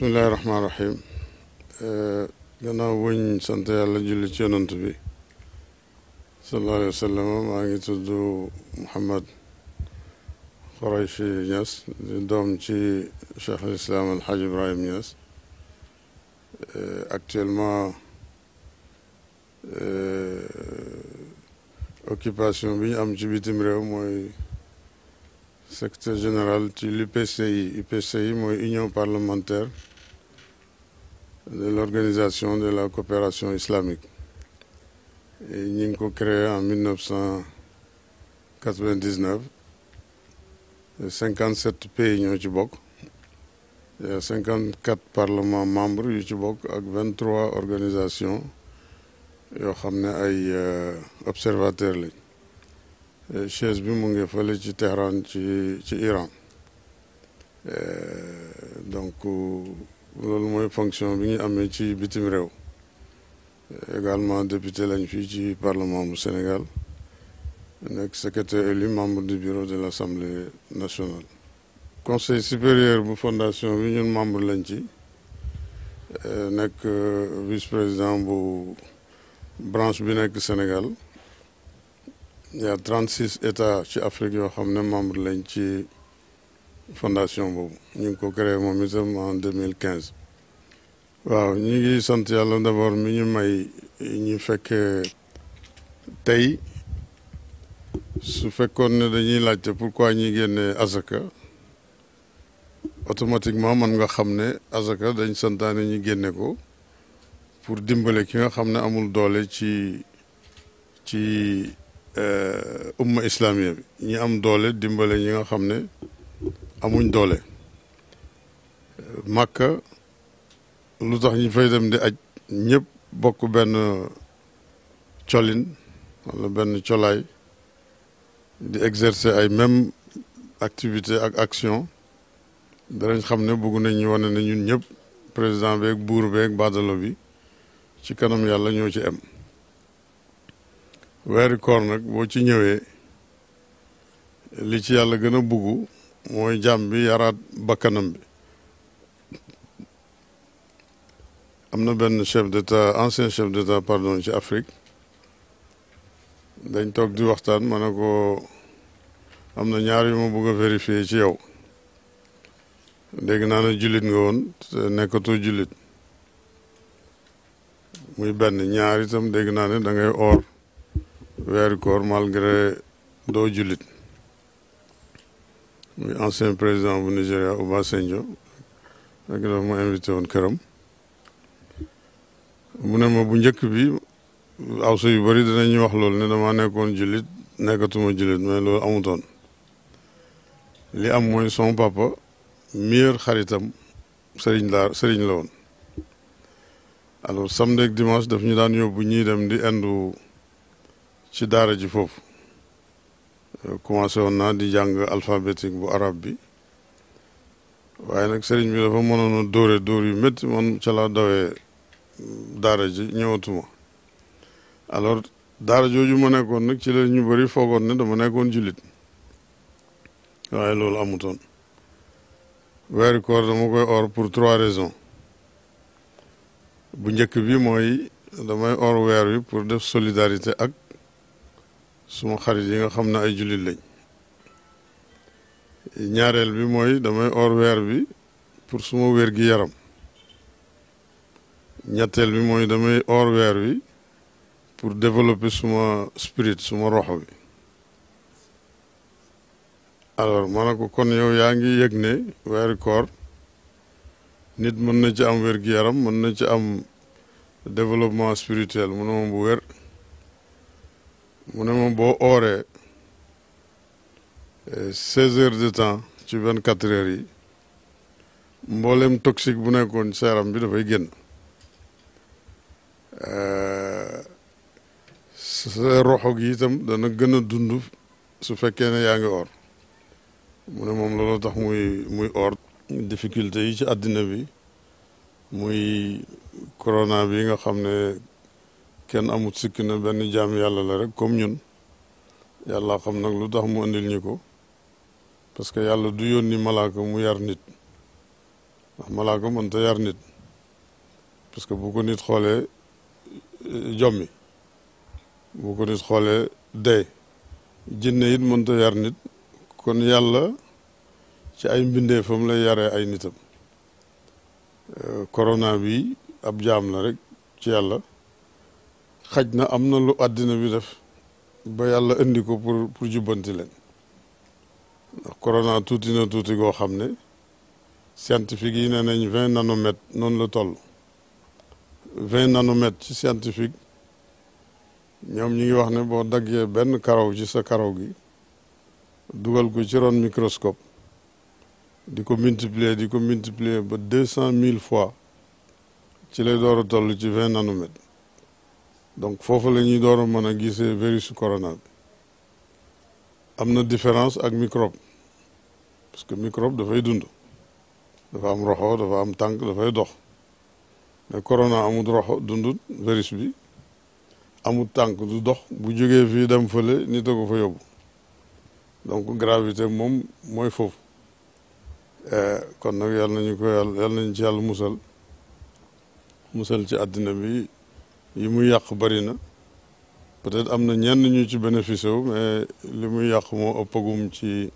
بسم الله الرحمن الرحيم انا آه، وين سانتا يالا جولي تي يونت صلى الله عليه وسلم ماغي تدو محمد قريشي ياس دي دوم تي شيخ الاسلام الحاج ابراهيم ياس اكتيلمون اوكيباسيون بي ام جي بيتم ريو موي secteur général ci l'UPCI. UPCI mooy union parlementaire de l'Organisation de la coopération islamique. Et avons créé en 1999 57 pays ci 54 parlements membres yu ci 23 organisations nous euh, ont observateurs Chez chaise bi mu Téhéran Iran donc loolu mooy fonction bi ñu amé ci bitim également député lañ fi ci parlement du Sénégal suis secrétaire élu membre du bureau de l'Assemblée nationale conseil supérieur la fondation bi ñun membre lañ ci euh, nek euh, vice-président la branche bi Sénégal il y a 36 états ci Afrique yo xamné de membre lañ ci fondation boobu ñu ngi ko créé moom itam en 2015 waaw ñu ngi sant yàlla d'abord mi ñu may ñu fekk tey su fekkoon ne dañuy laajte pourquoi ñi génne azaka automatiquement man nga xam ne azaka dañ santaane ñu génne ko pour dimbale ki nga xam ne amul doole ci ci euh, umma islamiya bi ñi am doole dimbale ñi nga xam ne amuñ doole màkka lu tax ñu fay dem di aj ñëpp bokk benn colin wala benn colaay di exercer ay même activité ak action danañ xam ne bëgg nañ ñu wane ne ñun ñëpp président beeg buur beeg badalo bi ci kanam yàlla ñoo ci am weeri koor nag boo ci ñëwee li ci yàlla gën a buggu mooy jàmm bi yaraat bakkanam bi am na benn chef d'état ancien chef d'état pardon ci Afrique dañ toog di waxtaan ma ne ko am na ñaar yu ma bëgg vérifier ci yow dégg naa ne jullit nga woon te nekkatoo jullit muy benn ñaar itam dégg naa ne da ngay oor weeru malgré doo jullit muy ancien président bu Nigéria Obasanjo ak dafa ma invité woon këram mu ne ma bu njëkk bi awso yu bari bëri ñuy wax loolu ne dama nekkoon jullit nekkatuma jullit mais loolu amutoon li am mooy son papa meilleur xaritam sëriñ la sëriñ la woon alors samedi ak dimanche daf ñu daan yóbbu ñuy dem di andu ci daara ji foofu commencé woon naa di jàng alphabétique bu arab bi waaye nag sëriñ bi dafa mënoon a dóore dóor yu métti man ca laa daara ji ñëwatuma alors daara jooju ma nekkoon nag ci la ñu bëri foogoon ne dama nekkoon jullit waaye loolu amutoon weeru koor dama koy or pour trois raisons bu njëkk bi mooy damay or weer wi pour def solidarité ak suma xarit yi nga xam ne ay jullit lañ ñaareel bi mooy damay or weer bi pour suma wér gi yaram ñetteel bi mooy damay or weer bi pour développer suma spirit suma roxo bi alors ma ne ko kon yow yaa ngi yëg ne weeri koor nit mën na ci am wér gi yaram mën na ci am développement spirituel mu ne moom bu wér mu ne boo ooree eh, seize heures de temps ci vingt quatre heures yi mboolem toxique bu nekkoon seeram bi dafay génn eh, sa roxo gi itam dana gën a dund su fekkee ne yaa ngi or moom looloo tax muy muy or difficulté yi ci àddina bi muy corona bi nga xam ne kenn amut sikki na benn jaam yàlla la rek comme ñun yàlla xam nag lu tax mu indil ñu ko parce que yàlla du yónni malaaka mu yar nit malaa malaaka mënta yar nit parce que bu ko nit xoolee eh, jommi bu ko nit xoolee day jinne it mënta yar nit kon yàlla ci ay mbindeefam lay yaree ay nitam eh, corona bi ab jaam la rek ci yàlla xaj na am na lu àddina bi def ba yàlla indi ko pour pour jubbanti leen ndax tuuti na tuuti goo xam ne scientifique yi nee nañ vingt nanomètres noonu la toll vingt nanomètres ci scientifique ñoom ñu ngi wax ne boo daggee benn karaw ci sa karaw gi dugal ko ci ron microscope di ko multiplier di ko multiplier ba deux cent mille fois ci lay door a ci vingt nanomètres donc foofu la ñuy door a mën a gisee virus corona am na différence ak microbe parce que microbe dafay dund dafa am roxo dafa am tànk dafay dox mais corona amul roxo dundut virus bi amul tànk du dox bu jógee fi dem fële nit a fa yóbbu donc gravité moom mooy foofu euh, kon nag yàlla nañu ko yàlla yàlla nañu ci yàlla musal musal ci àddina bi yi muy yàq bari na peut-être am na ñenn ñu ci bénéficié wu mais li muy yàq moo ëppagum ci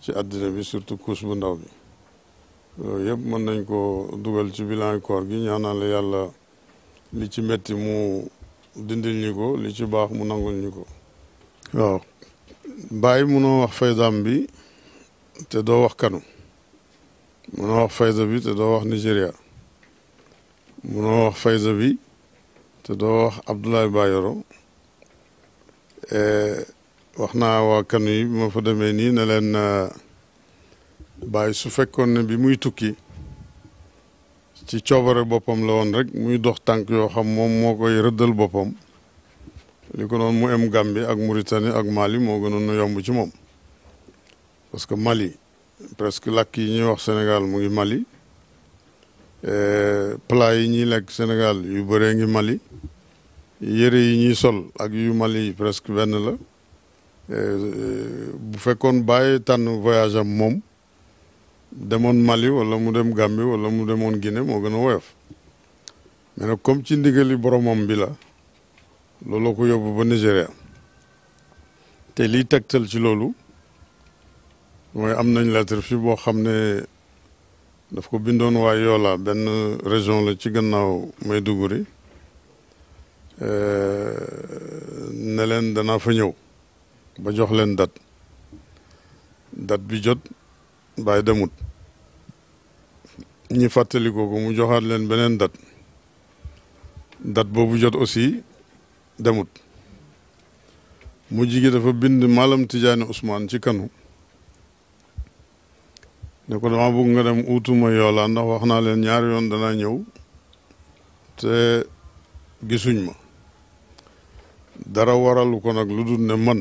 ci àddina bi surtout couche bu ndaw bi loolu yëpp mën nañ ko dugal ci bilan koor gi ñaanal yàlla li ci metti mu dindil ñu ko li ci baax mu nangul ñu ko waaw bàyyi munoo wax faydaam bi te doo wax kanu munoo wax fayda bi te doo wax Nigéria munoo wax fayda bi te doo wax Abdoulaye Bayero e, wax naa waa kanu yi bi ma fa demee nii ne leen e, Baye su fekkoon ne bi muy tukki ci coobare boppam la woon rek muy dox tànk yoo xam moom moo koy rëddal boppam li ko doon mu em Gambie ak Mauritanie ak Mali moo gënoon a yomb ci moom parce que Mali presque lakk yi ñuy wax Sénégal mu ngi Mali Eh, plat yi ñuy lekk Sénégal yu bëree ngi Mali yëre yi ñuy sol ak yu Mali presque benn la eh, bu fekkoon bàyyi tànn voyage am moom demoon Mali wala mu dem Gambie wala mu demoon Guinée moo gën a woyof mais nag comme ci ndigali boromam bi la looloo ko yóbbu ba Nigéria te liy tegtal ci loolu mooy am nañ lettre fii boo xam ne daf ko bindoon waa Yola benn région la ci gannaaw Maiduguri eh, ne leen danaa fa ñëw ba jox leen dat date bi jot bàyyi demut ñi fàttalikoo ko mu joxaat leen beneen date date boobu jot aussi demut mu jigi dafa bind Malam Tidiane Ousmane ci kanu ne ko dama bëgg nga dem uutuma yoolaa ndax wax naa leen ñaari yoon danaa ñëw te gisuñ ma dara waralu ko nag lu dul ne man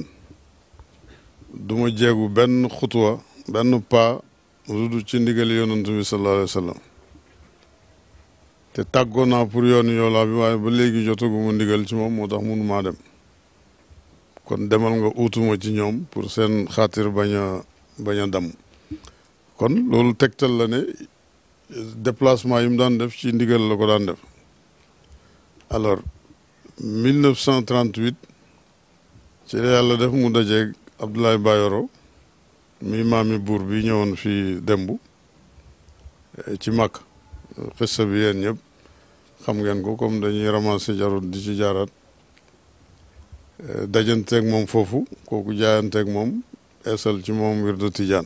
du ma jeegu benn xutwa benn pas lu dul ci ndigal yonent bi sallallahu alayhi wa sallam te tàggoo naa pour yoonu yoolaa bi waaye ba léegi jotaguma ndigal ci moom moo tax mënu maa dem kon demal nga uutuma ci ñoom pour seen xaatir bañ a bañ a damm kon loolu tegtal la ne déplacement yi mu daan def ci ndigal la ko daan def alors 1938 ci la yàlla def mu dajeeg Abdoulaye Bayoro mi maami buur bi ñëwoon fii dembu eh, ci màkk xista bi yéen ñëpp xam ngeen ko comme dañuy ramasser jarut di ci jaaraat eh, dajanteeg moom foofu kooku jaayanteeg moom eesal ci moom wirdu Tijaan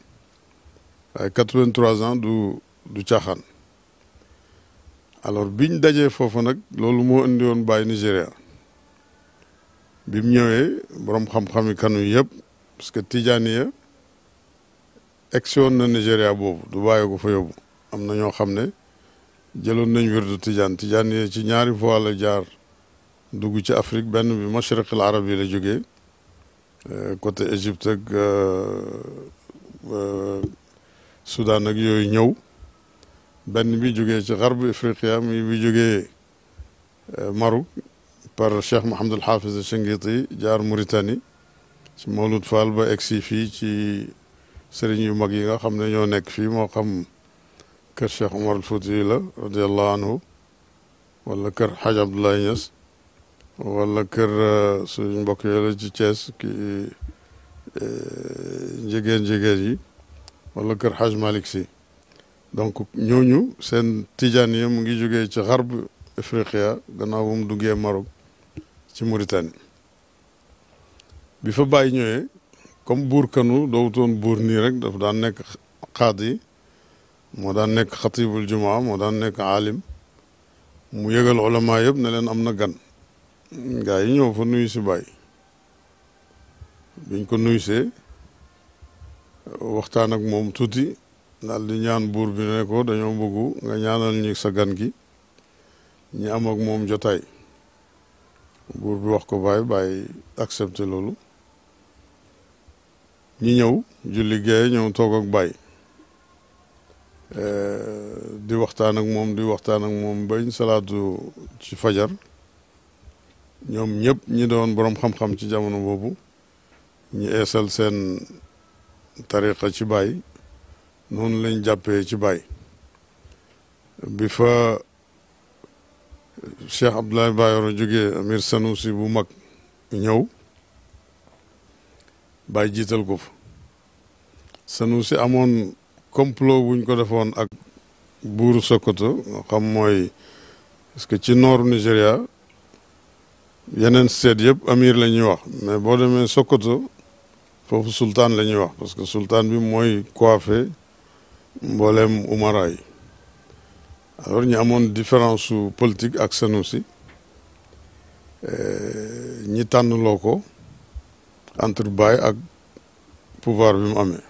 83 euh, ans du du caaxaan alors biñ dajee foofu nag loolu moo indi woon Baye Nigéria bi mu ñëwee borom xam-xami kanu yëpp parce que Tijaaniya egsiwoon na Nigéria boobu du bàyyi ko fa yóbbu am na ñoo xam ne jëloon nañ wirdu Tijaan Tijaaniya ci ñaari fois la jaar dugg ci Afrique benn bi mashriq al arab yi la jógee euh, côté Égypte ak. Euh, السودان ak yoy ñëw ben bi joge ci gharb afriqiya mi bi joge maru par Cheikh mohammed al Hafiz Shingiti jaar mauritani ci mouloud Fall ba exi fi ci serigne yu mag yi nga xamne ño nek fi mo xam kër Cheikh Omar al Fouti la radiallahu anhu wala kër Hadj abdullah yass wala kër suñu mbokk yele ci Thiès ki jigen jigen yi wala kër Hadj Malick si donc ñooñu seen tijaan yi mu ngi jógee ci xarb Afriqiya gannaaw bu mu duggee Maroc ci Mauritanie bi fa bàyyi ñëwee comme buur kanu dootoon buur nii rek daf daan nekk xaad moo daan nekk xatibul jumaa moo daan nekk aalim mu yëgal ulama yëpp ne leen am na gan gaa yi ñëw fa nuyu si bàyyi biñ ko nuyu se waxtaan ak moom tuuti daal di ñaan buur bi ne ko dañoo bëgg nga ñaanal ñu sa gan gi ñi am ak moom jotaay buur bi wax ko baay bàyyi accepté loolu ñi ñëw julli gaye ñëw toog ak bàyyi euh, di waxtaan ak moom di waxtaan ak moom bañ salaatu ci fajar ñoom ñëpp ñi doon boroom xam-xam ci jamono boobu ñu eesal seen tariqa ci Baay noonu lañ jàppee ci Baay bi fa Cheikh Abdoulaye Bayoro jógee Amir Sanusi bu mag ñëw Baay jiital ko fa Sanusi amoon complot buñ ko defoon ak buuru Sokoto xam mooy parce que ci noor Nigéria yeneen seet yëpp Amir la ñuy wax mais boo demee Sokoto foofu Sultan lañuy wax parce que Sultan bi mooy coiffé mbooleem umara yi alors ñu amoon différence politique ak Sanusi euh, ñi tànnloo ko entre baay ak pouvoir bi mu amee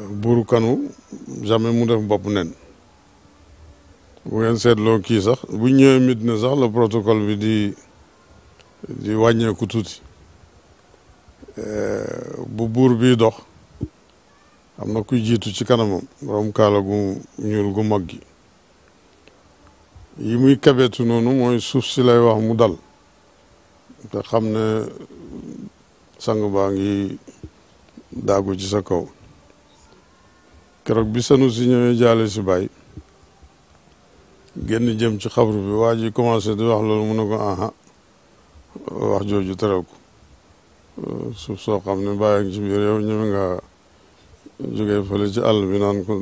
euh, buuru kanu jamais mu def bopp nen bu ngeen seetloo kii sax bu ñëwee mit na sax le protocole bi di di wàññeeku tuuti bu buur bi dox am na kuy jiitu ci kanamam borom kaala gu ñuul gu mag gi yi muy kabeetu noonu mooy suuf si lay wax mu dal te xam ne sang baa ngi daagu ci sa kaw keroog bi sanu si ñëwee jaale si bàyyi génn jëm ci xabru bi waa ji commencé di wax loolu mu ne ko aha wax jooju teral ko suuf soo xam ne bàyyi ci biir yow ñëw nga ci àll bi naan ko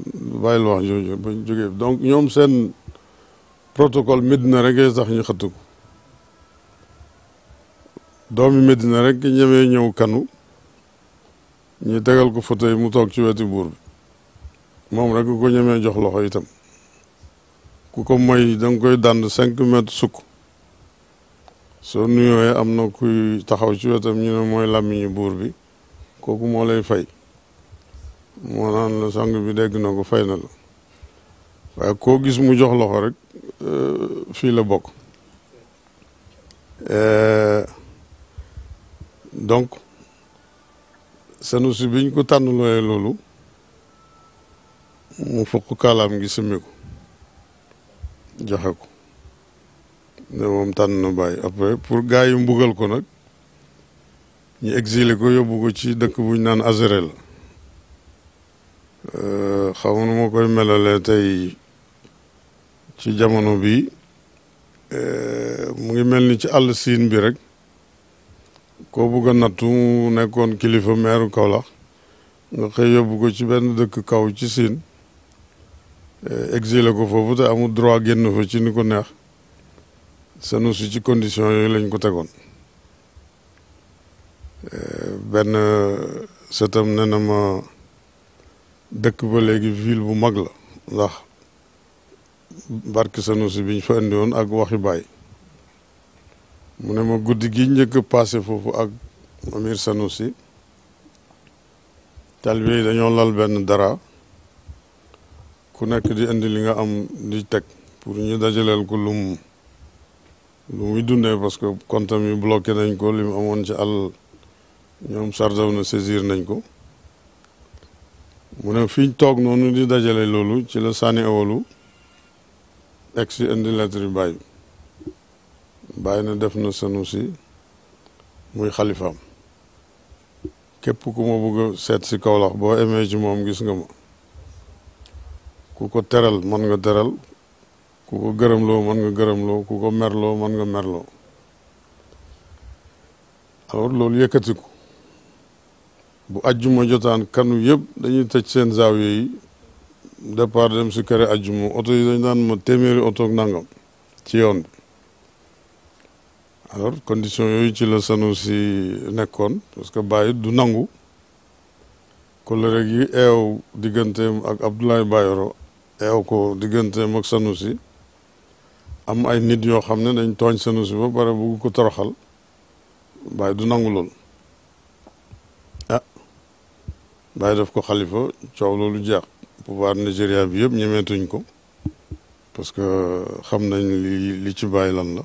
bàyyil wax jooju ba jógee donc ñoom seen protocole Medina rek ngay tax ñu xëtt ko doomi Medina rek ñemee ñëw kanu ñu tegal ko photo yi mu toog ci wetu buur bi moom rek ku ko ñemee jox loxo itam ku ko moy da nga koy dànd cinq mètres sukk soo nuyooyee am na kuy taxaw ci wetam ñu ne mooy làmmiñu buur bi kooku moo lay fay moo naan la sang bi dégg na ko fay na la waaye koo gis mu jox loxo rek euh, fii la bokk euh, donc Sanusi biñ ko tànn looyee loolu mu fokk kaalaam gi simmi ko joxe ko ne moom tànn na bàyyi après pour gars yu mbugal ko nag ñu exile ko yóbbu ko ci dëkk bu ñu naan la euh, xaw nu ma koy melalee tey ci jamono bi euh, mu ngi mel ni ci àll siin bi rek koo bugg nattu nekkoon kilifa meeru Kaolack nga xëy yóbbu ko ci benn dëkk kaw ci siin euh, exilé ko foofu te amul droit génn fa ci ni ko neex Sanusi ci condition yooyu lañ ko tegoon eh, benn sëtam ne na dëkk ba léegi ville bu mag la ndax barke Sanusi biñ fa indi woon ak waxi baay mu ne ma guddi gi njëkk paase foofu ak Amir Sanusi taalibe yi dañoo lal benn dara ku nekk di indi li nga am di teg pour ñu dajaleel ko lum lu muy dundee parce que compte mi bloqué nañ ko li mu amoon ci àll ñoom Sardone na saisir nañ ko mu ne fi ñu toog noonu di dajale loolu ci la sànni awalu egg si indi lettre bi bàyyi bàyyi na def na sanu si muy xalifaam képp ku ma bëgg seet si Kaolack boo amee ci moom gis nga ma ku ko teral mën nga teral ku ko gërëmloo mën nga gërëmloo ku ko merloo mën nga merloo alors loolu yëkkatiku bu ajjuma jotaan kanu yëpp dañuy tëj seen zaawiya yi départ dem si kër ajjuma oto yi dañ daan ma téeméeri oto ak nangam ci yoon bi alors condition yooyu ci la sanu si nekkoon parce que bàyyi du nangu kóllëre gi eew digganteem ak Abdoulaye Bayoro eew ko digganteem ak sanu si am ay nit yoo xam ne dañ tooñ seen si ba pare bugg ko toroxal baay du nangu lool ah Baye def ko xalifa coow loolu jeex pouvoir Nigéria bi yëpp ñemeetuñ ko parce que xam nañ li li ci Baye lan la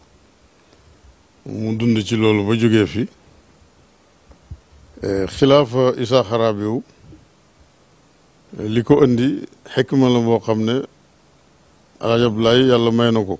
mu dund ci loolu ba jógee fi eh, xilaafa Issa yow eh, li ko indi xekma boo xam ne Alaaji Abdoulaye yàlla may na ko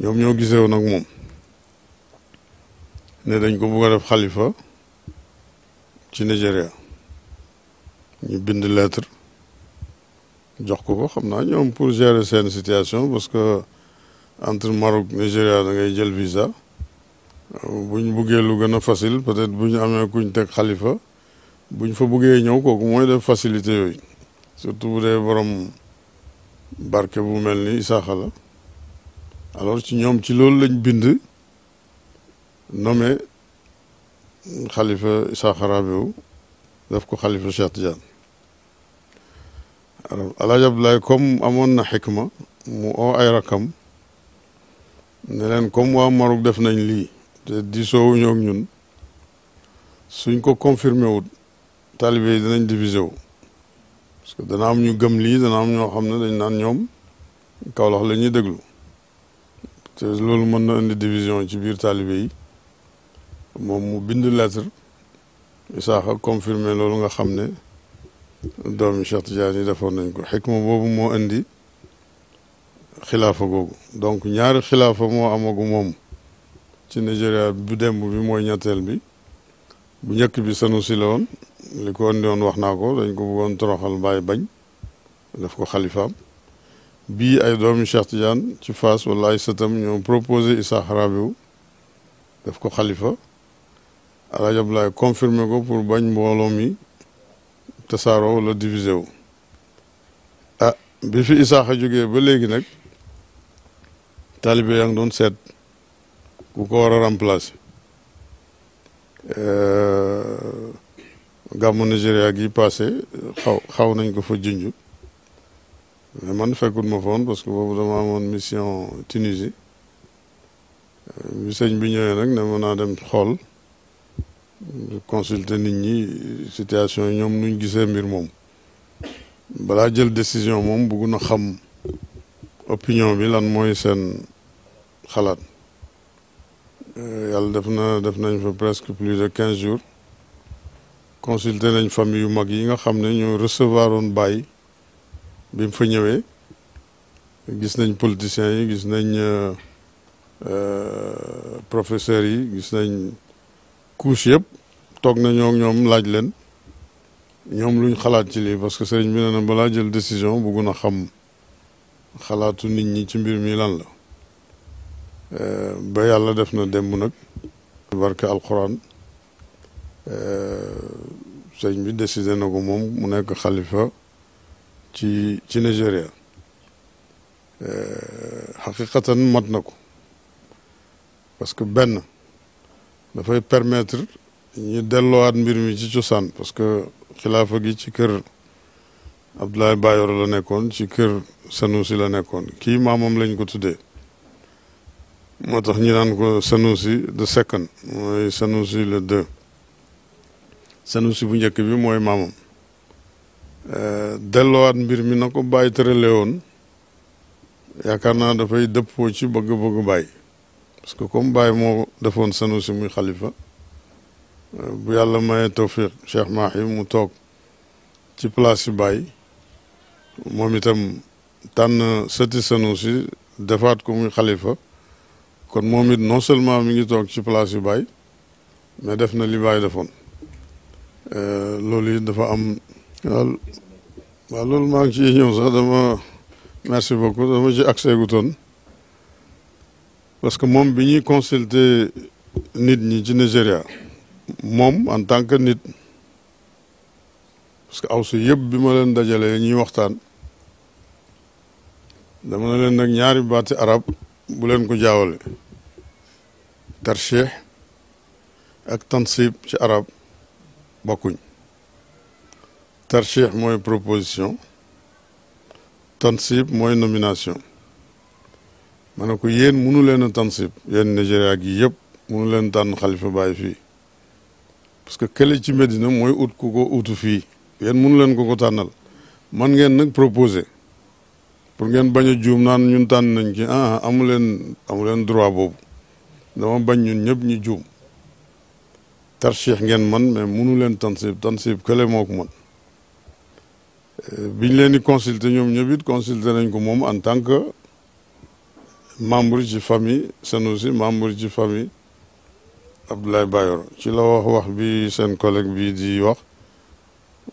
ñoom ñoo gisee woon ak moom ne dañ ko bëgg a def xalifa ci Nigeria ñu bind lettre jox ko ko pour gérer cette situation parce que entre Maroc Nigeria da ngay jël visa bu lu facile peut-être bu amee kuñ teg xalifa fa buggee ñëw facilité surtout bu borom barke bu ni alors ci ñoom ci loolu lañ bind nommé xalifa Isaaxa Rabew def ko xalifa Cheikh Tidiane alors Alaaji Abdoulaye comme amoon na xikma mu oo ay rakam ne leen comme waa Maroc def nañ lii te diisoowu ñoog ñun suñ ko confirmé wut taalibe yi danañ divisé wu parce que dana am ñu gëm lii dana am ñoo xam ne dañ naan ñoom Kaolack la ñuy déglu te loolu mën na indi division ci biir taalibe yi moom mu bind lettre Isaaxa confirmé loolu nga xam ne doomi Cheikh Tidiane yi defoon nañ ko xikma boobu moo indi xilaafa googu donc ñaari xilaafa moo amagu moom ci Nigeria bu démb bi mooy ñetteel bi bu njëkk bi sanu si la woon li ko indi woon wax naa ko dañ ko bëggoon toroxal bàyyi bañ def ko xalifaam bii ay doomi Cheikh Tidiane ci Fass wala ay sëtam ñoo proposé Issa Rabiou def ko xalifa Alaaji Abdoulaye confirmé ko pour bañ mbooloo mi tasaaroo wala divisé wu ah bi fi Isaaxa jógee ba léegi nag taalibe yaa ngi doon seet ku ko war a remplacer euh, gàmmu Nigéria gi passé xaw xaw nañ ko fa junj Euh, man fekkul ma foon parce que boobu dama amoon mission Tunisie euh, bi sëñ bi ñëwee nag ne mën naa dem xool consulter nit ñi situation yi ñoom nuñ gisee mbir moom balaa jël décision moom bëgg na xam opinion bi lan mooy seen xalaat euh, yàlla def na def nañ fa presque plus de 15 jours consulter nañ famille yu mag yi nga xam ne ñu recevoir woon bàyyi bi mu fa ñëwee gis nañ politiciens yi gis nañ euh, euh, professeurs yi gis nañ couche yëpp toog nañoo ñoom laaj leen ñoom luñ xalaat ci lii parce que sëriñ bi nee na balaa jël décision bëggu na xam xalaatu nit ñi ci mbir mii lan la euh, ba yàlla def na démb nag barke alquran sëriñ bi décidé na ko moom mu nekk xalifa ci ci Nigéria euh, xaqiqatan mat na ko parce que benn dafay permettre ñu delloowaat mbir mi ci cosaan parce que xilaafa gi ci kër Abdoulaye Bayoro la nekkoon ci kër Sanusi la nekkoon kii maamam lañ ko tuddee moo tax ñu naan ko Sanusi the second mooy Sanusi le deux Sanusi bu njëkk bi mooy maamam Eh, delluwaat mbir mi na ko bàyyi tërale woon yaakaar naa dafay dëppoo ci bëgg-bëgg bàyyi parce que comme bàyyi moo defoon sanu si muy xalifa eh, bu yàlla maye tawfiq Cheikh yi mu toog ci place yu bàyyi moom itam tànn sëti defaat ko muy xalifa kon moom it non seulement mi ngi toog ci place yu bàyyi mais def na li bàyyi defoon eh, loolu it dafa am waaw loolu maa ngi ci ñëw sax dama merci beaucoup dama ci accès gu toon parce que moom bi ñuy consulter nit ñi ci Nigéria moom en tant que nit parce que aw si yëpp bi ma leen dajalee ñuy waxtaan dama ne leen nag ñaari baati arab bu leen ko jaawale tarshih ak tansib ci arab bokkuñ tarchih mooy proposition tansib mooy nomination ma ne ko yéen munu leen a tansib yéen gi yëpp munu leen tànn xalifa bàyyi fii parce que kële ci Medina mooy ut ku ko utu fii yéen munu leen ko ko tànnal man ngeen nag proposer pour ngeen bañ a juum naan ñun tànn nañ ci ah amu leen leen droit boobu dama bañ ñun ñëpp ñu juum tarchih ngeen man mais munu leen tansib tansib kële moo ko man bi ñu leen di consulter ñoom ñëpp it nañ ko moom en tant que membre ci famille Sanofi membre ci famille Abdoulaye Bayoro ci la wax wax bi seen collègue bi di wax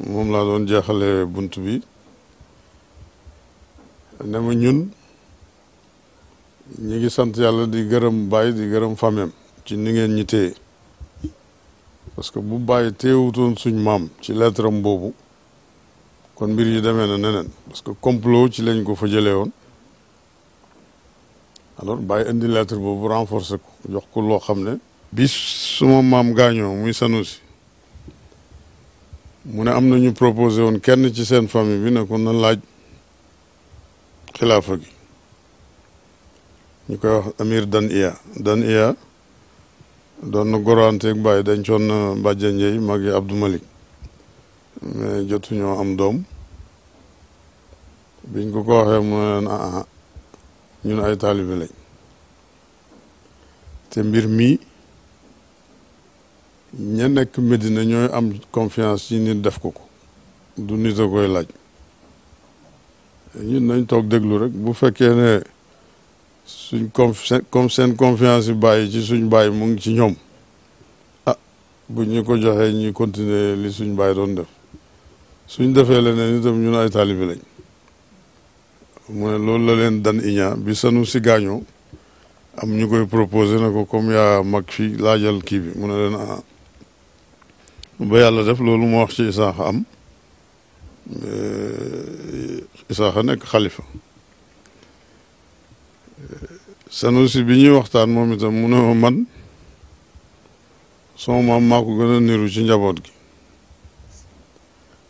moom laa doon jeexale bunt bi ne ma ñun ñi ngi sant yàlla di gërëm Baye di gërëm famem ci ni ngeen ñi téye parce que bu Baye téyewutoon suñ maam ci lettre boobu kon mbir yi demee na neneen parce que complot ci lañ ko fa jëlee woon alors bàyyi indi lettre boobu renforcer ko jox ko loo xam ne bi suma maam gaañoo muy Sanusi mu ne am nañu proposé woon kenn ci seen famille bi ne ko na laaj xilaafa gi ñu koy wax Amir Dan Iya Dan Iya doon na goranteeg bàyyi dencoon na Mbadja Ndiaye mag yi Abdou Malik mais jotuñoo am doom biñ ko ko waxee mu ne leen ah ñun ay taalibe lañ te mbir mii ña nekk Medina ñooy am confiance ci nit def ko ko du nit a koy laaj ñun nañ toog déglu rek bu fekkee ne suñ comme seen confiance yi bàyyi ci suñ bàyyi mu ngi ci ñoom ah bu ñu ko joxee ñu continuer li suñ bàyyi doon def suñ defee leneen itam ñun ay taalibe lañ mu ne loolu la leen dan iñaa bi sanu si gaañoo am ñu koy proposé ne ko comme yaa mag fi laajal kii bi mu ne leen ah ba yàlla def loolu mu wax ci isaaxa am eh, isaaxa nekk xalifa sanusi bi ñuy waxtaan moom itam mu ne man sama maam maa ko gën a niru ci njaboot gi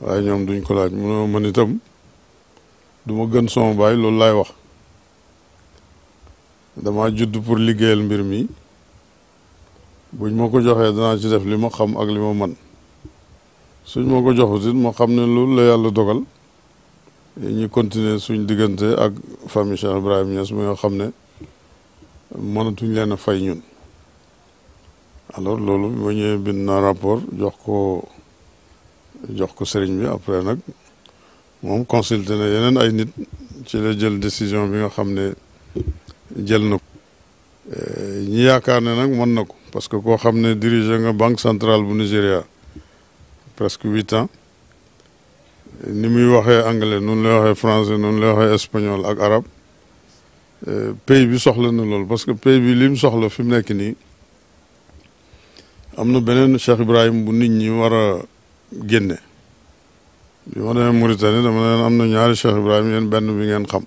waaye ñoom duñ ko laaj munoo man itam du ma gën sama baay loolu laay wax dama judd pour liggéeyal mbir mi buñ ma ko joxee danaa ci def li ma xam ak li ma man suñ ma ko jox it moo xam ne loolu la yàlla dogal ñu continuer suñ diggante ak famille Cheikh Ibrahima Niass mi nga xam ne mënatuñ leen a fay ñun alors loolu ma ñëwee bind naa rapport jox ko jox ko sëriñ bi après nag moom consulté ne yeneen ay nit ci la jël décision bi nga xam ne jël na ko eh, ñi yaakaar ne nag mën na ko parce que koo xam ne dirigé nga banque centrale bu Nigéria presque huit ans ni muy waxee anglais noonu lay waxee français noonu lay waxee espagnol ak arab eh, pays bi soxla na loolu parce que pays bi lim soxla fi mu nekk nii am na beneen Cheikh Ibrahim bu nit ñi war génne bi ma demee Mauritanie dama leen am na ñaari Cheikh Ibrahim yéen benn bi ngeen xam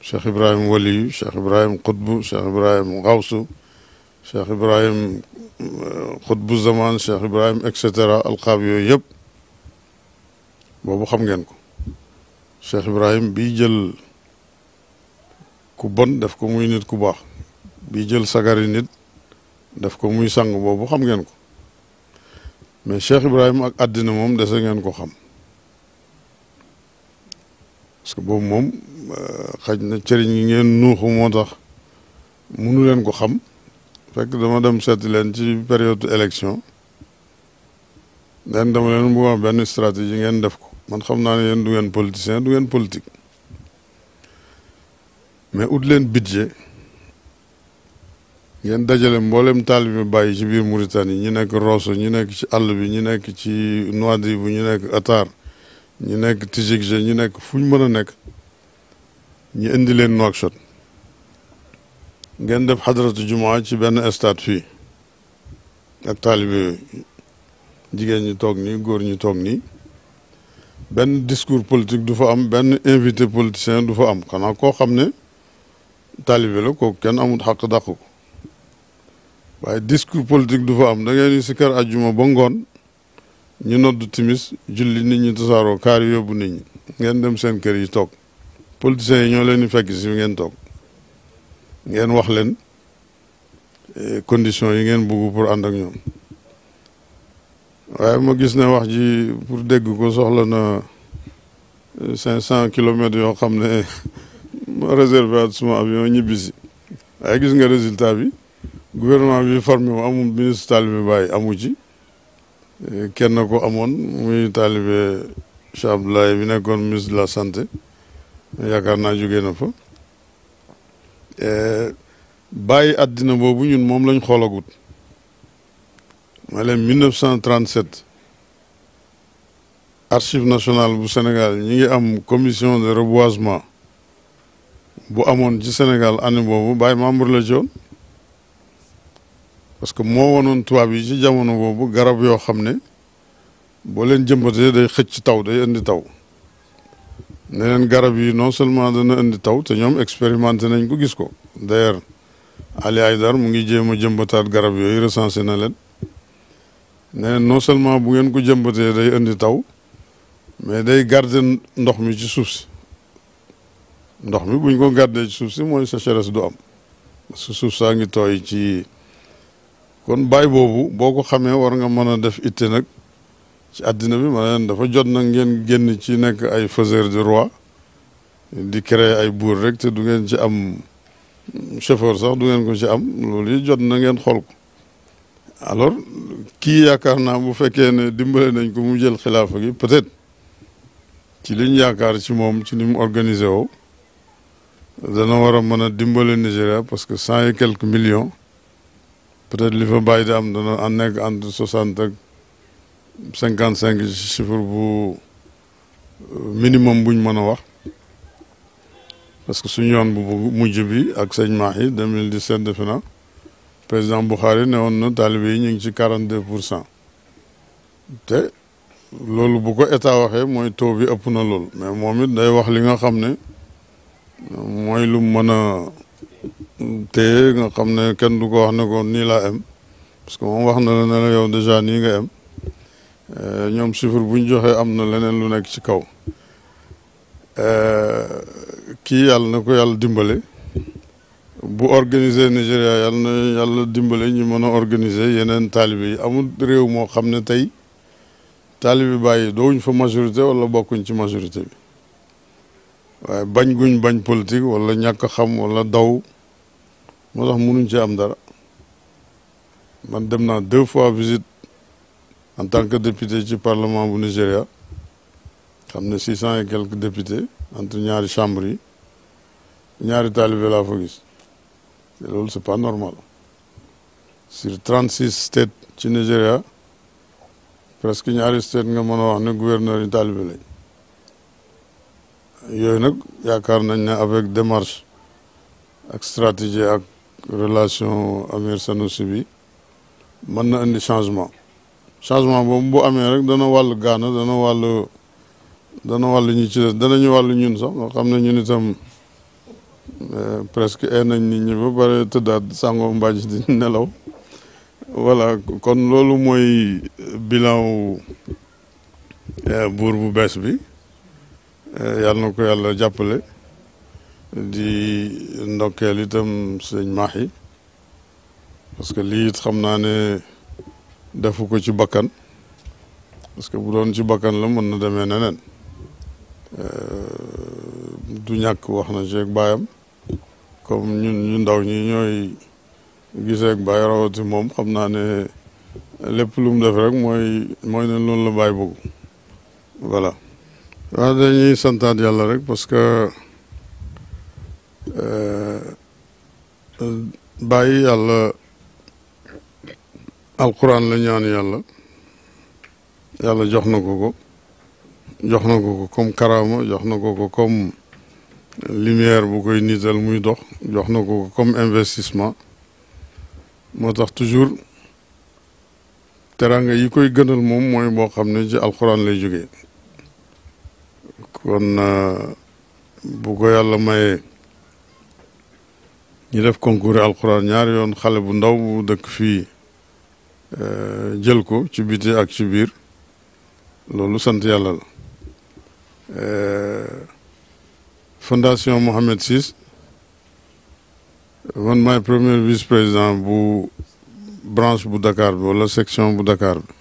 Cheikh Ibrahim waliyu Cheikh Ibrahim xutbu Cheikh Ibrahim xawsu Cheikh Ibrahim xutbu euh, zaman Cheikh Ibrahim et cetera alqaab yooyu yëpp boobu xam ngeen ko Cheikh Ibrahim bi jël ku bon def ko muy nit ku baax bi jël sagari nit def ko muy sang boobu xam ngeen ko mais Cheikh Ibrahima ak àddina moom dese ngeen ko xam parce que boobu moom euh, xaj na cëriñ gi ngeen nuuxu moo tax munu leen ko xam fekk dama dem seeti leen ci période élection den dama leen bu wax benn stratégie ngeen def ko man xam naa ne yéen du ngeen politicien du ngeen politique mais ut leen budget ngeen dajale mboolem taalibe bàyyi ci biir Mauritanie ñu nekk Rosso ñu nekk ci àll bi ñu nekk ci di bu ñu nekk Atar ñu nekk Tijigne ñu nekk fu ñu mën a nekk ñu indi leen Nouakchott ngeen def xadaratu jumaa ci benn stade fii ak taalibe jigéen ñi toog nii góor ñi toog nii benn discours politique du fa am benn invité politicien du fa am xanaa koo xam ne taalibe la ko kenn amul xaq dàq ko waaye discours politique du fa am da ngeen di sikkar ajjuma ba ngoon ñu nodd timis julli nit ñi tasaaroo kaar yóbbu nit ñi ngeen dem seen kër yi toog politiciens yi ñoo leen di fekk si fi ngeen toog ngeen wax leen eh, conditions yi ngeen bëgg pour ànd ak ñoom waaye ma gis ne wax ji pour dégg ko soxla na eh, cinq cent kilomètres yoo xam ne ma réservé at suma avion ñibbisi waaye gis nga résultat bi gouvernement bi formé wu amul ministre taalibe Baye amu ci kenn ko amoon muy taalibe Cheikh Abdoulaye bi nekkoon ministre de la santé yaakaar naa jógee na fa eh, bàyyi àddina boobu ñun moom lañ xoolagut ma leen 1937 archive nationale bu Sénégal ñu ngi am commission de reboisement bu amoon ci Sénégal année boobu bàyyi membre la ci parce que moo woonoon tubaab yi ci jamono boobu garab yoo xam ne boo leen jëmbatee day xëcc taw day indi taw ne garab yi non seulement dana indi taw te ñoom expérimenté nañ ko gis ko d'ailleurs Ali Aydar mu ngi jéem a jëmbataat garab yooyu recensé na leen ne leen non seulement bu ngeen ko jëmbatee day indi taw mais day garder ndox mi ci suuf si ndox mi buñ ko garder ci suuf si mooy sécheresse du am parce suuf saa ngi tooy ci kon baay boobu boo ko xamee war nga mën a def itte nag ci addina bi ma leen dafa jot nag ngeen génn ci nekk ay faiseur de roi di créer ay buur rek te du ngeen ci am chauffeur sax du ngeen ko ci am loolu yi jot na ngeen xool ko alors kii yaakaar naa bu fekkee ne dimbale nañ ko mu jël xilaafa gi peut-être ci liñ yaakaar ci moom ci ni mu organisé woo dana war a mën a dimbale Nigéria parce que cent et quelques millions peut li fa bàyyi di am dana en nekk entre soixante ak cinquante cinq chiffre bu euh, minimum buñ mën a wax parce que suñ yoon bu mujj bi ak sëñ Mahi 2017 defe na président Bukhari ne woon na taalibe yi ñu ngi ci quarante deux pour cent te loolu bu ko état waxee mooy taux bi ëpp na loolu mais moom it day wax li nga xam ne mooy lu mën a te nga xam ne kenn du ko wax ne ko nii laa am parce que moom wax na la ne la yow dèjà nii nga am euh, ñoom chiffre bu ñu am na leneen lu nekk ci kaw euh, kii yàlla na ko yàlla dimbale bu organiser Nigéria yàlla yàlla dimbale ñu mën a organiser yeneen taalibe yi amul réew moo xam ne tey taalibe bàyyi doowuñ fa majorité wala bokkuñ ci majorité bi waaye bañ guñ bañ politique wala ñàkk xam wala daw moo tax munuñ ci am dara man dem naa deux fois visite en tant que député ci parlement bu Nigéria xam ne six cent et quelques députés entre ñaari chambre yi ñaari taalibe laa fa gis loolu c'est pas normal sur trente six states ci Nigéria presque ñaari state nga mën wax ne gouverneur yi taalibe lañ yooyu nag yaakaar nañ ne avec démarche ak stratégie relation Amir Sanoussi bi mën na indi changement changement boobu bu amee rek dana wàll Ghana dana wàll dana wàllu ñi ci des danañu wàllu ñun sax nga xam ne ñun itam euh, presque ee nañ nit ñi ba tëddaat sangoo mbaaj di nelaw voilà kon loolu mooy bilan euh, buur bu bees bi euh, yàlla na ko yàlla jàppale di ndokkeel itam sëñ Mahi parce que lii xam naa ne defu ko ci bakkan parce que bu doon ci bakkan la mën na demee neneen euh, du ñàkk wax na ceeg baayam comme ñu ndaw ñi ñooy giseeg baay rawati moom xam naa ne lépp lu mu def rek mooy mooy ne loolu la baay bëgg voilà waaw dañuy santaat yàlla rek parce bàyyi yàlla alquran la ñaan yàlla yàlla jox na ko ko jox na ko ko comme karaama jox na ko ko comme lumière bu koy niital muy dox jox na ko ko comme investissement moo tax toujours teranga yi koy gënal moom mooy boo xam ne ci alquran lay jógee kon euh, bu ko yàlla mayee ñu def concours alxuraan ñaari yoon xale bu ndaw bu dëkk fii euh, jël ko ci biti ak ci biir loolu sant yàlla la euh, fondation Mohamed VI man maay premier vice président bu branche bu Dakar bi wala section bu Dakar bi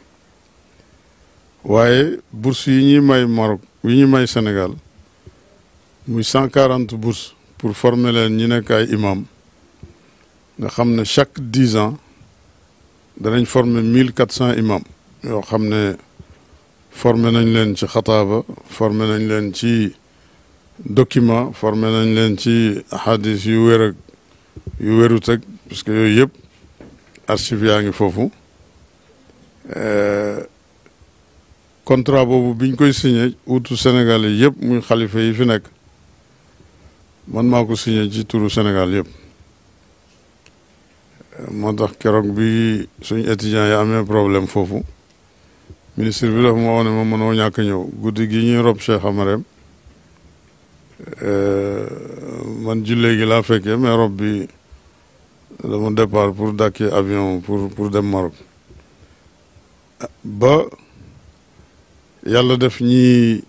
waaye bourse yi ñuy may Maroc yi ñuy may Sénégal muy cent quarante bourse pour former leen ñi nekk ay imam nga xam ne chaque dix ans danañ former mille quatre cent imam yoo xam ne formé nañ leen ci xataaba formé nañ leen ci document formé nañ leen ci hadis yu wér ak yu parce que yooyu yëpp archive ngi foofu euh, contrat boobu biñ koy signé utu Sénégal yi yëpp muy xalifa yi fi nekk man maa ko signé ci turu Sénégal yëpp moo tax keroog bii suñu étudiants yi amee problème foofu ministre bi dafa moo woo ne ma mënoo ñàkk ñëw guddi gi ñuy rob Cheikh Amarem euh, man jullee gi laa fekkee mais rob bi dama départ pour dàkkee avion pour dem Maroc ba yàlla def ñi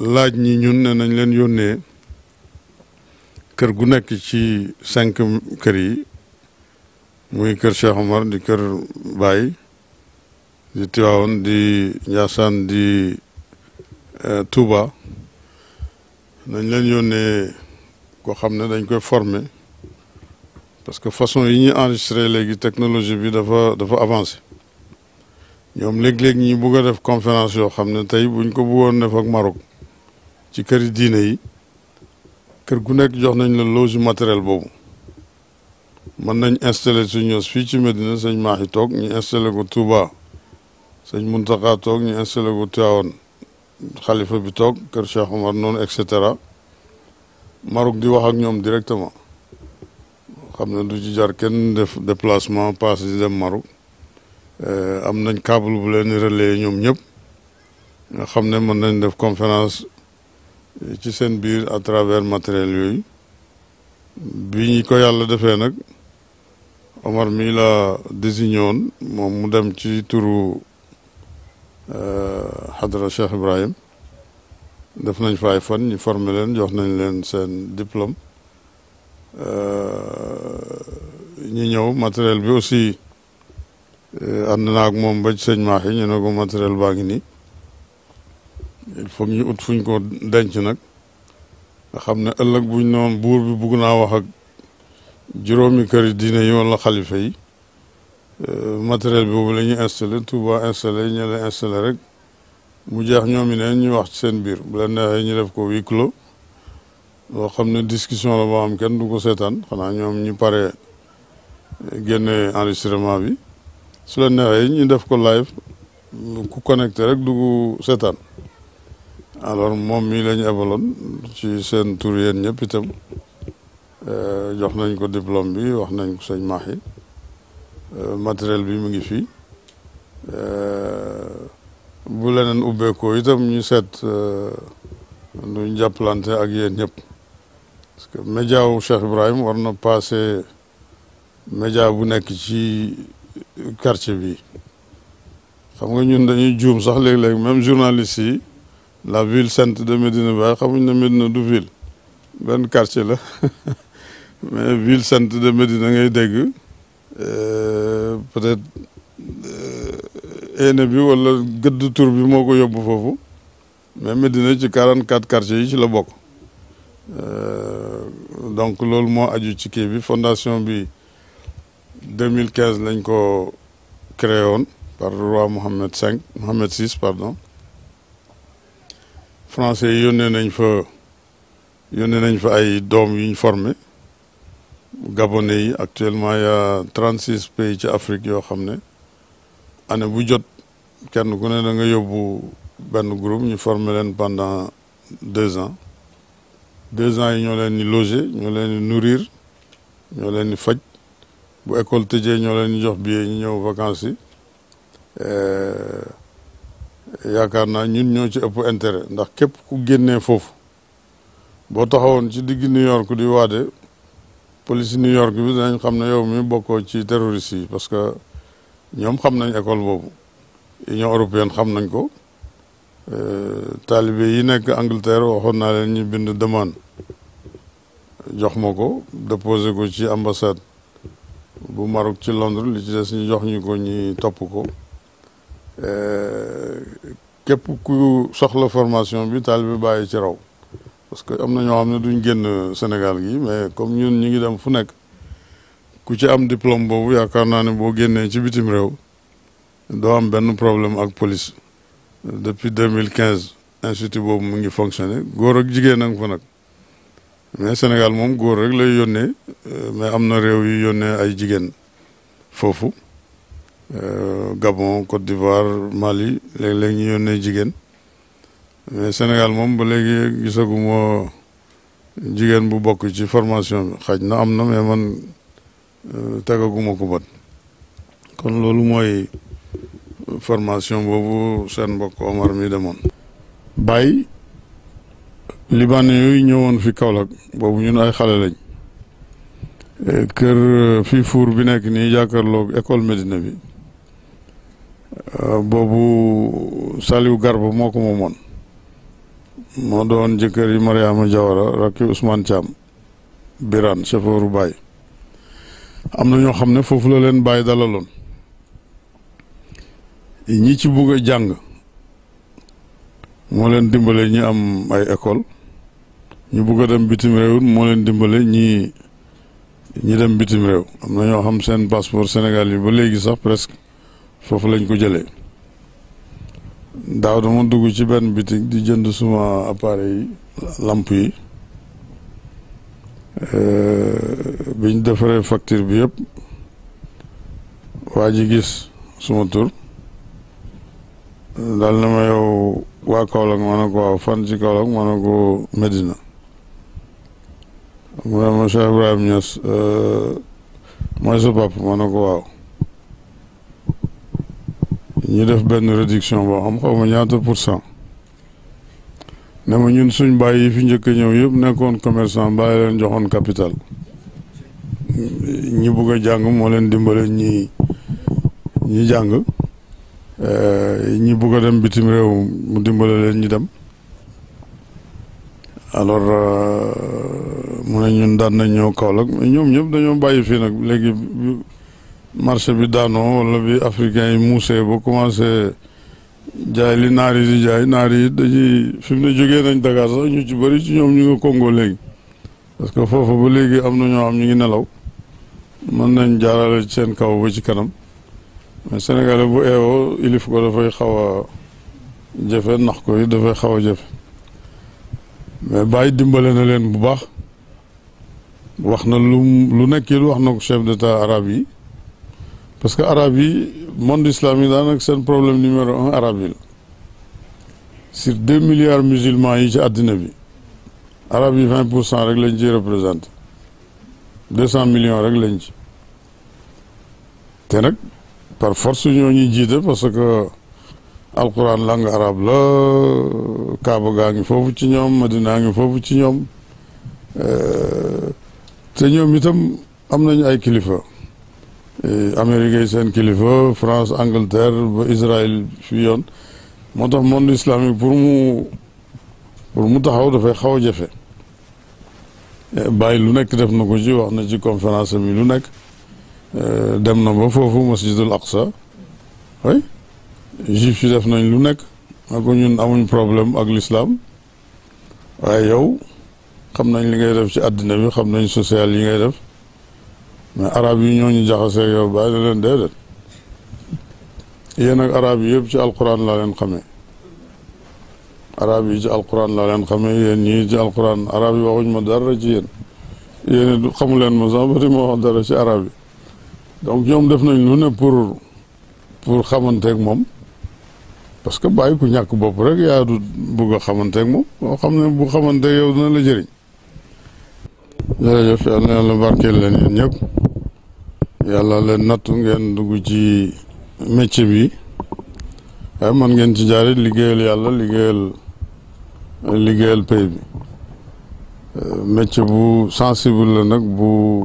laaj ñi ñun ne nañ leen yónnee kër gu nekk ci cinq kër yi muy kër Cheikh Omar di kër Baye di Tiwaawoon di Njaasaan di e, Touba nañ leen yónnee koo xam ne dañ koy former parce que façon yi ñuy enregistré léegi technologie bi dafa dafa avancer ñoom léeg-léeg ñi bugg a def conférence yoo xam ne tey buñ ko buggoon def ak Maroc ci këri diine yi kër gu nekk jox nañ la loge matériel boobu mën nañ installé suñ ños fii ci Medina sëñ Mahi toog ñu installé ko Touba sëñ Muntaxa toog ñu installé ko Tiwaawan xalifa bi toog kër Cheikh Omar noonu et cetera Maroc di wax ak ñoom directement xam ne du ci jar kenn def déplacement passe di dem Maroc eh, am nañ câble bu leen relayer ñoom ñëpp nga xam ne mën nañ def conférence eh, ci seen biir à travers matériel yooyu bi ñu ko yàlla defee nag Omar mii la désigné woon moom mu dem ci turu xadra Cheikh Ibrahim def nañ fa ay fan ñu formé leen jox nañ leen seen diplôme ñu ñëw matériel bi aussi ànd naa ak moom ba ci sëñ Maax yi ñu ne ko matériel baa ngi nii il faut ñu ut fuñ ko denc nag nga xam ne ëllëg buñ noon buur bi bugg naa wax ak juróomi kër diine yi wala xalifa yi euh, matériel boobu la ñuy installé Touba installé ñu la installé rek mu jeex ñoom i neen ñu wax ci seen biir bu la ñu def ko huis clos loo xam ne discussion la boo xam kenn du ko seetaan xanaa ñoom ñu pare euh, génne enregistrement bi su la neexee ñu def ko live ku connecté rek dugg seetaan alors moom mii la ñu ebaloon ci seen tur yéen ñëpp itam Euh, jox nañ ko diplôme bi wax nañ ko sëñ Mahi euh, matériel bi mu ngi fii euh, bu leneen ubbeekoo itam ñu seet duñ jàppalante ak yéen ñëpp parce que média wu Cheikh Ibrahim war na passé média bu nekk ci quartier bi xam nga ñun dañuy juum sax léeg-léeg même journaliste yi la ville sainte de Médina Baye xamuñ ne Médina du ville benn quartier la mais ville sainte de Médina ngay dégg euh, peut-être euh, aine bi wala gëdd tur bi moo ko yóbbu foofu mais Médina ci quarante quatre quartiers yi ci la bokk euh, donc loolu moo aju ci kii bi fondation bi 2015 lañ ko créé woon par roi Mohammed cinq Mohammed six pardon français yi yónnee nañ fa yónnee nañ fa ay doom yuñ formé gabonais actuellement y trent trente six pays ci Afrique yoo xam ne année bu jot kenn ku ne da nga yóbbu benn group ñu former leen pendant deux ans deux ans yi ñoo leen di loger ñoo leen di nourrir ñoo leen di faj bu école tëjee ñoo leen di jox billet ñu ñëw vacances yi eh, yaakaar naa ñun ñoo ci ëpp intérêt ndax képp ku génnee foofu boo taxawoon ci digg New York di waade police New York bi dinañ xam na yow mi bokkoo ci terroriste yi parce que ñoom xam nañ école boobu union européenne xam nañ ko euh, taalibe yi nekk Angleterre waxoon naa leen ñu bind demande jox ma ko déposé ko ci ambassade bu Maroc ci Londres li ci jox ñu ko ñi topp ko euh, képp ku soxla formation bi taalibe bàyyi ci raw parce que am na ñoo xam ne duñ génn Sénégal gi mais comme ñun ñu ngi dem fu nekk ku ci am diplôme boobu yaakaar naa ne boo génnee ci bitim réew doo am benn problème ak police depuis deux mille quinze institut boobu mu ngi fonctionné góor ak jigéen a ngi fa nag mais Sénégal moom góor rek lay yónnee euh, mais am na réew yu yónnee ay jigéen foofu euh, Gabon Côte d'Ivoire Mali léeg-léeg ñu yónnee jigéen. mais Sénégal moom ba léegi gisagu jigéen bu bokk ci formation bi xaj na am na mais man euh, tegaguma ko bët kon loolu mooy formation boobu seen mbokk Omar mi demoon. Baye liban yooyu ñëwoon fi Kaolack boobu ñun ay xale lañ kër euh, fii fuur bi nekk nii jàkkaarloog école Médina bi euh, boobu Saliou Garba moo ko moo doon jëkkër yi Mariama Jawara rakki Ousmane Thiam Birane chauffeuru Baye am na ñoo xam ne foofu la leen Baye dalaloon ñi ci bugg jàng moo leen dimbale ñi am ay école ñu bugg a dem bitim réew moo leen dimbale ñii ñi dem bitim réew am na ñoo xam seen passeport Sénégal yi ba léegi sax presque foofu lañ ko jëlee daaw dama dugg ci benn bitik di jënd suma appareil lamp yi euh, biñ defaree facture bi yëpp waaji gis suma tur daal na ma yow waa Kaolack ma ne ko waaw fan ci Kaolack ma ne ko Medina mu ne ma Cheikh Ibrahima euh, ma ne ko waaw ñu def benn réduction boo xam xaw ma ñaata pour cent ne ma ñun suñ bàyyi yi fi njëkk ñëw yëpp nekkoon commerçant bàyyi leen joxoon capital ñi bugg a jàng moo leen dimbale ñi ñi jàng eh, ñi bugg a dem bitim réew mu dimbale leen ñi dem alors euh, mu ne ñun daan nañ ñëw Kaolack ñoom ñëpp dañoo bàyyi fii nag marché bi daanoo wala bi africain yi muusee boo commencé jaay li naari di jaay naar yi dañuy fi mu ne nañ Dakar sax ñu ci bari ci ñoom ñu nga Congo léegi parce que foofa ba léegi am na ñoo am ñu ngi nelaw mën nañ jaarale ci seen kaw ba ci kanam mais sénégalais bu eewoo ilif ko dafay xaw a jafe nax ko yi dafay xaw a jafe mais bàyyi dimbale na leen bu baax wax na lu lu nekkit wax na ko chef d'état arabe yi parce que arab yi monde islamique daanaka seen problème numéro un arab yi la sur deux milliards musulmans yi ci àddina bi arab yi vingt pour cent rek lañ ciy représenté deux cent millions rek lañ ci te nag par force ñoo ñuy jiite parce que alquran langue arabe la kaaba gaa ngi foofu ci ñoom madina ngi foofu ci ñoom euh, te ñoom itam am nañu ay kilifa Euh, Amérique yi seen kilifa France Angleterre ba Israël fii yoon moo tax monde islamique pour mu pour mu taxaw dafay xaw a jafe eh, bàyyi lu nekk def na ko ci wax na ci conférence mi lu nekk euh, dem na ba foofu masjidul aqsa oui juif yi def nañ lu nekk ma ko ñun amuñ problème ak l'islam waaye yow xam nañ li ngay def ci àddina bi xam nañ sociale yi ngay def mais arab yi ñoo ñu jaxasee yow bàyyi na leen déedéet yéen ak arab yi yëpp ci alquran laa leen xamee arab yi ci alquran laa leen xamee yéen ñii ci alquran arab yi waxuñ ma dara ci yéen yéen du xamu leen ma sax bari ma wax dara ci arab yi donc ñoom def nañ lu ne pour pour xamanteeg moom parce que bàyyi ku ñàkk bopp rek yaa du bëgg a xamanteeg moom boo xam ne bu xamanteeg yow dina la jëriñ jërëjëf yàlla na yàlla barkeel leen yéen ñëpp yàlla leen nattu ngeen dugg ci métier bi waaye eh, man ngeen ci jaarit liggéeyal yàlla liggéeyal liggéeyal pay bi eh, métier bu sensible la nag bu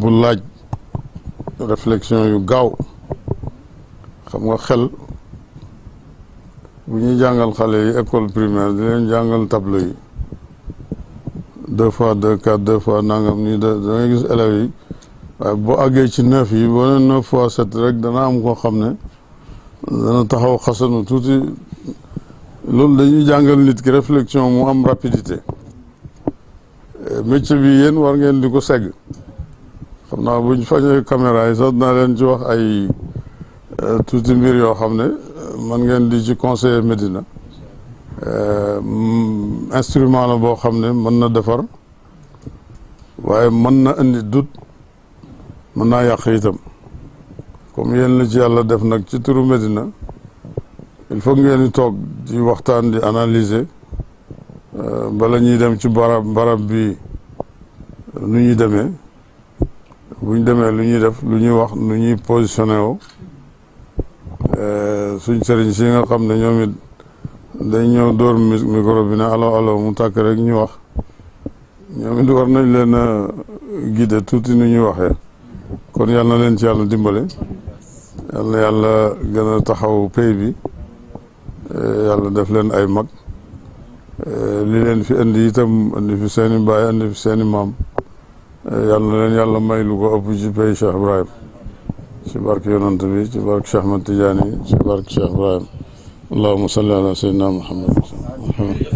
bu laaj réflexion yu gaaw xam nga xel bu ñuy jàngal xale yi école primaire di leen jàngal tableau yi de fois de quatre de fois nangam nii da gis élèves yi waaye boo àggee ci neuf yi boo nee neuf fois sept rek dana am koo xam ne dana taxaw xasanu tuuti loolu dañuy jàngal nit ki réflexion mu am rapidité eh, métier bi yéen war ngeen di ko segg xam naa buñ fañee caméra yi sax dinaa leen ci wax ay eh, tuuti mbir yoo xam ne eh, man ngeen di ci conseiller Médina instrument la boo xam ne mën na defar waaye mën na indi doute mën naa yàq itam comme yéen la ci yàlla def nag ci turu Medina il faut ngeen di toog di waxtaan di analyser euh, bala ñuy dem ci barab barab bi nu ñuy demee bu ñu demee lu ñuy def lu ñuy wax nu ñuy positionné woo euh, suñ sëriñ si nga xam ne ñoom it dañ ñëw dóor micro bi ne allo allo mu takk rek ñu wax ñoom it war nañ leen a guider tuuti nu ñuy waxee kon yàlla na leen ci yàlla dimbale yàlla na yàlla gën taxaw pay bi eh, yàlla def leen ay mag eh, li leen fi indi itam indi fi seen i baay indi fi seen maam eh, yàlla na leen yàlla may lu ko ëpp ci Ibrahim ci barke yonant bi ci barke Cheikh Ahmad Tidiane ci barke Cheikh Ibrahim allahuma salli Muhammad